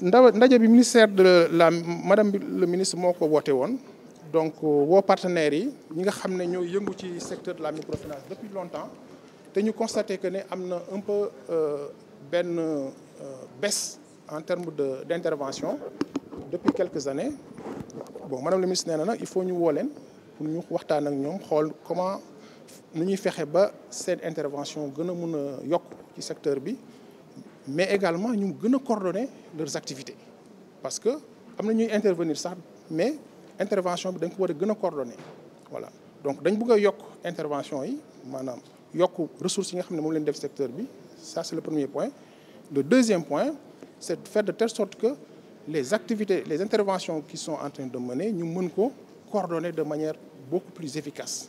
ndaw ndaje bi ministère de la madame le ministre moo ko woote woon donc euh, woo partenaires yi ñi nga xam ne ñoo yëngu ci secteur de la microfinance depuis longtemps te ñu constaté que ne am na un peu euh, benn euh, baisse en terme de d' intervention depuis quelques années bon madame le ministre nee na nag il faut ñu woo leen pour ñu waxtaan ak ñoom xool comment nu ñuy fexe ba seen intervention gën a mun a yokk ci secteur bi mais également ñu gën a coordonner leurs activités parce que am na ñuy intervenir sax mais intervention bi dañ ko war a gën a coordonner voilà donc dañ bëgg yokk intervention yi maanaam yokk ressources yi nga xam ne moom leen def secteur bi ça c'est le premier point le deuxième point c'est de de tell sort que les activités les interventions qui sont en train de mener ñu mën ko coordonner de manière beaucoup plus efficace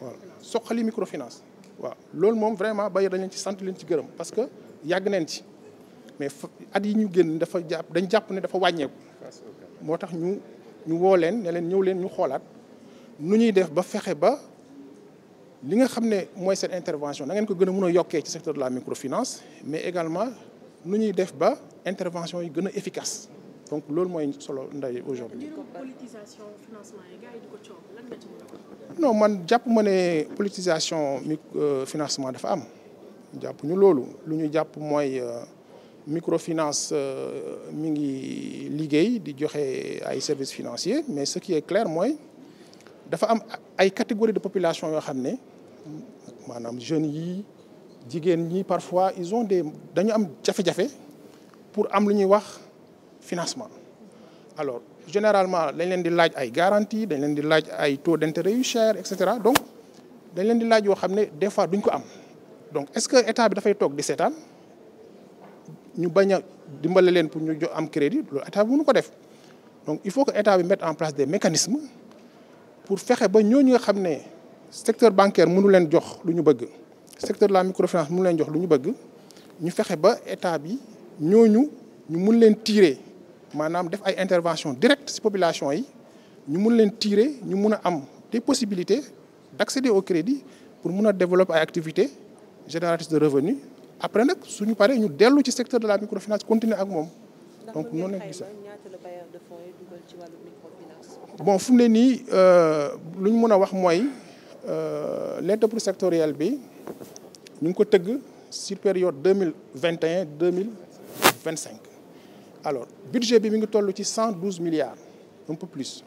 voilà soqali microfinance waaw loolu moom vraiment Bayer dañ ci sant leen ci gërëm parce que yàgg nañ ci mais at yi ñu génn dafa jàpp dañ jàpp ne dafa wàññeeku moo tax ñu ñu woo leen ne leen ñëw leen ñu xoolaat nu ñuy def ba fexe ba li nga xam ne mooy seen intervention na ngeen ko gën a mun a yokkee ci secteur de la microfinance mais également nu ñuy def ba intervention yi gën a efficace donc loolu mooy solo ndaje aujourd'hui non man jàpp ma ne politisation mi euh, financement dafa am jàpp ñu loolu lu ñu jàpp mooy euh, microfinance euh, mi ngi liggéey di joxe ay services financier mais ce qui est clair mooy dafa am ay catégories de population yoo xam ne maanaam jeunes yi jigéen ñi parfois ils ont des dañu am jafe-jafe pour am lu ñuy wax financement alors généralement lañ leen di laaj ay garantie dañ leen di laaj ay taux d'intérêt yu cher et cetera donc dañ leen di laaj yoo xam ne des fois duñ ko am donc est-ce que état bi dafay toog di seetaan ñu bañ a dimbale leen pour ñu jox am crédit loolu état munu ko def donc il faut que état bi mettre en place des mécanismes pour fexe ba ñooñu nga xam ne secteur bancaire mënu leen jox lu ñu bëgg secteur de la microfinance mënu leen jox lu ñu bëgg ñu fexe ba état bi ñooñu ñu mun leen tirer maanaam def ay intervention direct ci population yi ñu mun leen tirer ñu mun a am des possibilités d'accéder au crédit pour mun a développer ay activités génératrices de revenus après nag suñu paree ñu dellu ci secteur de la microfinance continuer ak moom. donc noonu lañ gisee bon fu mu ne nii euh, lu ñu mën a wax mooy euh, l'aide sectorielle bi ñu ngi ko tëgg sur deux mille vingt et un deux mille vingt cinq. alors budget bi mi ngi toll ci cent douze milliards un peu plus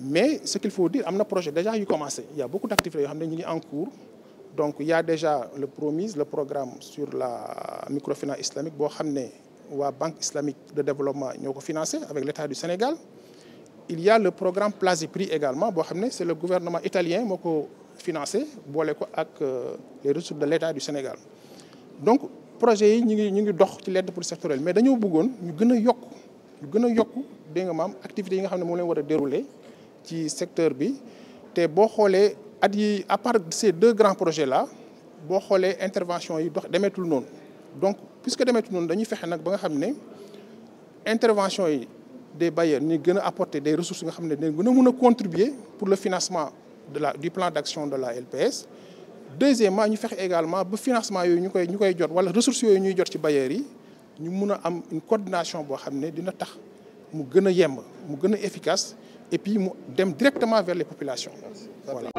mais ce qu'il faut dire am na projet déjà yu commencé il y a beaucoup d'activités yoo xam ne ñu ngi en cours. donc il y déjà le promise le programme sur la microfinance islamique boo xam ne waa banque islamique de développement ñoo ko financé avec l'État du Sénégal il y a le programme Plasipri également boo xam ne c'est le gouvernement italien moo ko financé boole ko ak euh, les ressources de l'État du Sénégal donc projet yi ñu ngi ñu ngi dox ci l'aide pour sectorielle mais dañoo bëggoon ñu gën a yokk ñu gën a yokk dégg nga maam activités yi nga xam ne moom leen war a dérouler ci secteur bi te boo xoolee at yi à part ces deux grands projets là boo xoolee intervention yi dox demeetul noonu donc puisque demeetul noonu dañuy fexe nag ba nga xam ne intervention yi des bailleurs ñu gën a apporter des ressources nga xam ne dañ gën a mën a contribuer pour le financement de la du plan d'action de la LPS deuxièmement ñu fexe également ba financement yooyu ñu koy ñu koy jot wala ressources yooyu ñuy jot ci bailleurs yi ñu mun a am une coordination boo xam ne dina tax mu gën a yemb mu gën a efficace et puis mu dem directement vers les